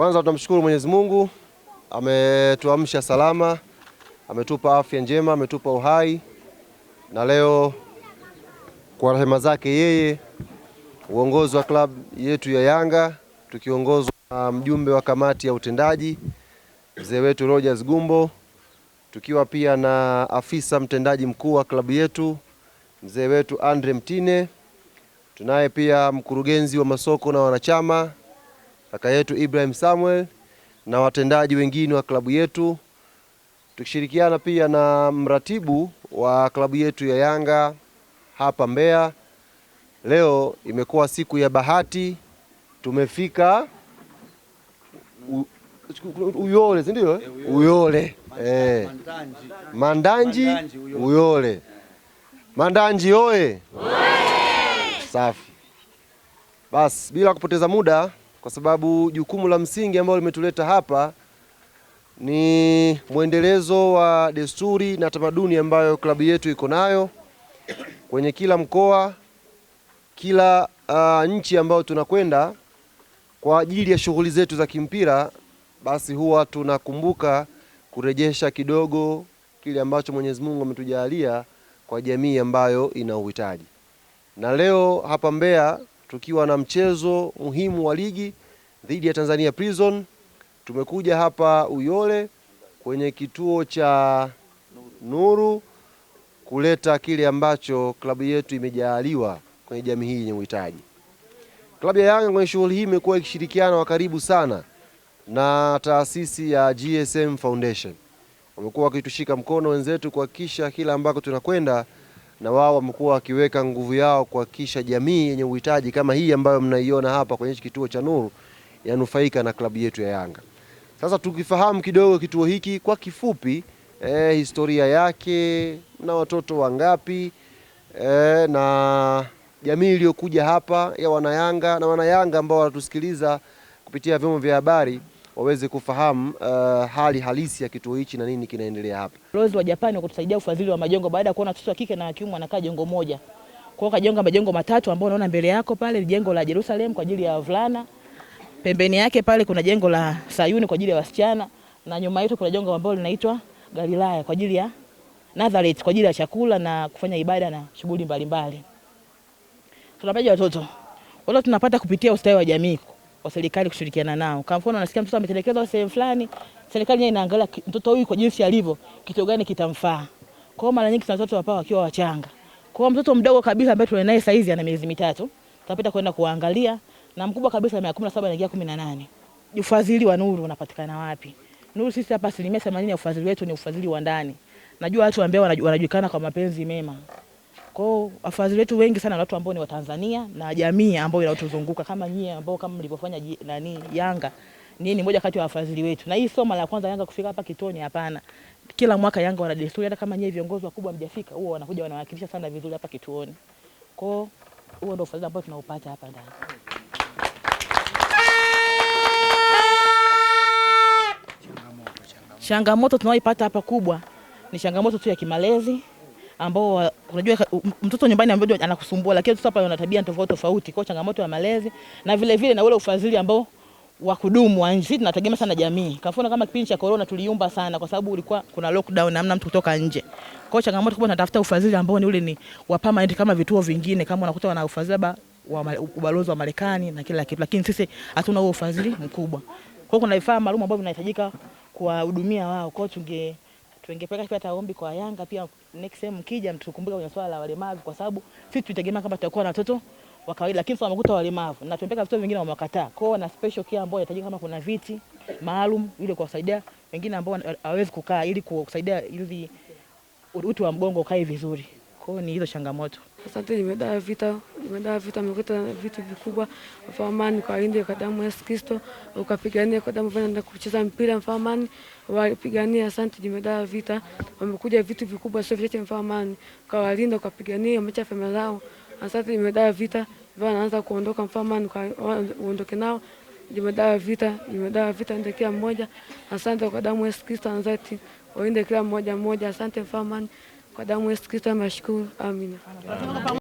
Kwanza tunamshukuru Mwenyezi Mungu ametuamsha salama, ametupa afya njema, ametupa uhai, na leo kwa rehema zake yeye, uongozi wa klabu yetu ya Yanga tukiongozwa na mjumbe wa kamati ya utendaji mzee wetu Rogers Gumbo, tukiwa pia na afisa mtendaji mkuu wa klabu yetu mzee wetu Andre Mtine, tunaye pia mkurugenzi wa masoko na wanachama kaka yetu Ibrahim Samuel na watendaji wengine wa klabu yetu tukishirikiana pia na mratibu wa klabu yetu ya Yanga hapa Mbeya. Leo imekuwa siku ya bahati, tumefika Uyole, si ndio? Eh? Uyole eh, Mandanji Uyole, Mandanji oye! Safi basi, bila kupoteza muda kwa sababu jukumu la msingi ambalo limetuleta hapa ni mwendelezo wa desturi na tamaduni ambayo klabu yetu iko nayo kwenye kila mkoa, kila uh, nchi ambayo tunakwenda kwa ajili ya shughuli zetu za kimpira, basi huwa tunakumbuka kurejesha kidogo kile ambacho Mwenyezi Mungu ametujalia kwa jamii ambayo ina uhitaji. Na leo hapa Mbeya tukiwa na mchezo muhimu wa ligi dhidi ya Tanzania Prison. Tumekuja hapa Uyole kwenye kituo cha Nuru kuleta kile ambacho klabu yetu imejaaliwa kwenye jamii hii yenye uhitaji. Klabu ya Yanga kwenye shughuli hii imekuwa ikishirikiana wa karibu sana na taasisi ya GSM Foundation. Wamekuwa wakitushika mkono wenzetu kuhakikisha kila ambako tunakwenda na wao wamekuwa wakiweka nguvu yao kuhakikisha jamii yenye uhitaji kama hii ambayo mnaiona hapa kwenye kituo cha Nuru yanufaika na klabu yetu ya Yanga. Sasa tukifahamu kidogo kituo hiki kwa kifupi, eh, historia yake na watoto wangapi eh, na jamii iliyokuja hapa ya wanayanga na wanayanga ambao wanatusikiliza kupitia vyombo vya habari waweze kufahamu uh, hali halisi ya kituo hichi na nini kinaendelea hapa. Balozi wa Japani kutusaidia ufadhili wa majengo baada ya kuona watoto wa kike na wa kiume wanakaa jengo moja. Kwa hiyo kajenga majengo matatu ambayo unaona mbele yako pale, jengo la Jerusalem kwa ajili ya wavulana, pembeni yake pale kuna jengo la Sayuni kwa ajili ya wasichana, na nyuma yetu kuna jengo ambalo linaitwa Galilaya kwa ajili ya Nazareth kwa ajili ya chakula na kufanya ibada na shughuli mbalimbali. Tunapaja watoto. Wala tunapata kupitia ustawi wa jamii wa serikali kushirikiana nao. Kwa mfano, unasikia mtoto ametelekezwa sehemu fulani, serikali yenyewe inaangalia mtoto huyu kwa jinsi alivyo, kitu gani kitamfaa. Kwa hiyo mara nyingi sana watoto wapao wakiwa wachanga. Kwa hiyo mtoto mdogo kabisa ambaye tunaye naye saizi ana miezi mitatu, tutapita kwenda kuangalia na mkubwa kabisa ana miaka 17 anaingia 18. Ufadhili wa Nuru unapatikana wapi? Nuru sisi hapa asilimia themanini ya ufadhili wetu ni ufadhili wa ndani. Najua watu ambao wanajulikana kwa mapenzi mema. Kwa hiyo wetu wengi sana watu ambao ni Watanzania na jamii ambayo inatuzunguka kama nyie ambao kama mlivyofanya nani Yanga ni ni moja kati ya wafadhili wetu. Na hii sio mara ya kwanza Yanga kufika hapa Kitoni, hapana. Kila mwaka Yanga wana desturi, hata kama nyie viongozi wakubwa mjafika, huwa wanakuja wanawakilisha sana vizuri hapa Kituoni. Kwa hiyo huo ndio ufadhili ambao tunaupata hapa ndani. changamoto tunaoipata hapa kubwa ni changamoto tu ya kimalezi ambao unajua mtoto nyumbani ambaye anakusumbua, lakini sasa hapa ana tabia tofauti tofauti, kwa changamoto ya malezi na vile vile na ule ufadhili ambao wa kudumu wa nje. tunategemea sana jamii. Kafuna kama kipindi cha corona tuliumba sana kwa sababu ulikuwa kuna lockdown, na hamna mtu kutoka nje. Kwa hiyo changamoto kubwa tunatafuta ufadhili ambao ni ule ni wa permanent kama vituo vingine kama unakuta wana ufadhili ba ubalozi wa Marekani na kila kitu, lakini sisi hatuna huo ufadhili mkubwa. Kwa hiyo kuna vifaa maalum ambavyo vinahitajika kuwahudumia wao. Kwa hiyo tunge tungepeleka pia taombi kwa Yanga pia next time mkija mtukumbuke kwenye swala la walemavu, kwa sababu sisi tutegemea kama tutakuwa na watoto wa kawaida, lakini sasa wamekuta walemavu na tumepeka vituo vingine wamewakataa. Kwa hiyo na special care ambayo inahitajika, kama kuna viti maalum ili kuwasaidia wengine ambao hawawezi kukaa, ili kusaidia hivi uti wa mgongo ukae vizuri. Kwa hiyo ni hizo changamoto. Asante, nimeenda vita umedaa vita, amekuta vitu vikubwa, mfano ukainde kwa damu ya Yesu Kristo, ukapigania kwa damu, venda kucheza mpira, mfano wapigania asante, jimedaa vita, wamekuja vitu vikubwa, sio vichache, mfano kawalinda, ukapigania, wameacha familia zao, asante, jimedaa vita, vana anza kuondoka, mfano uondoke nao jimedawa vita jimedawa vita, ende kila mmoja asante kwa damu Yesu Kristo, anzati waende kila mmoja mmoja, asante mfamani kwa damu Yesu Kristo, amashukuru amina.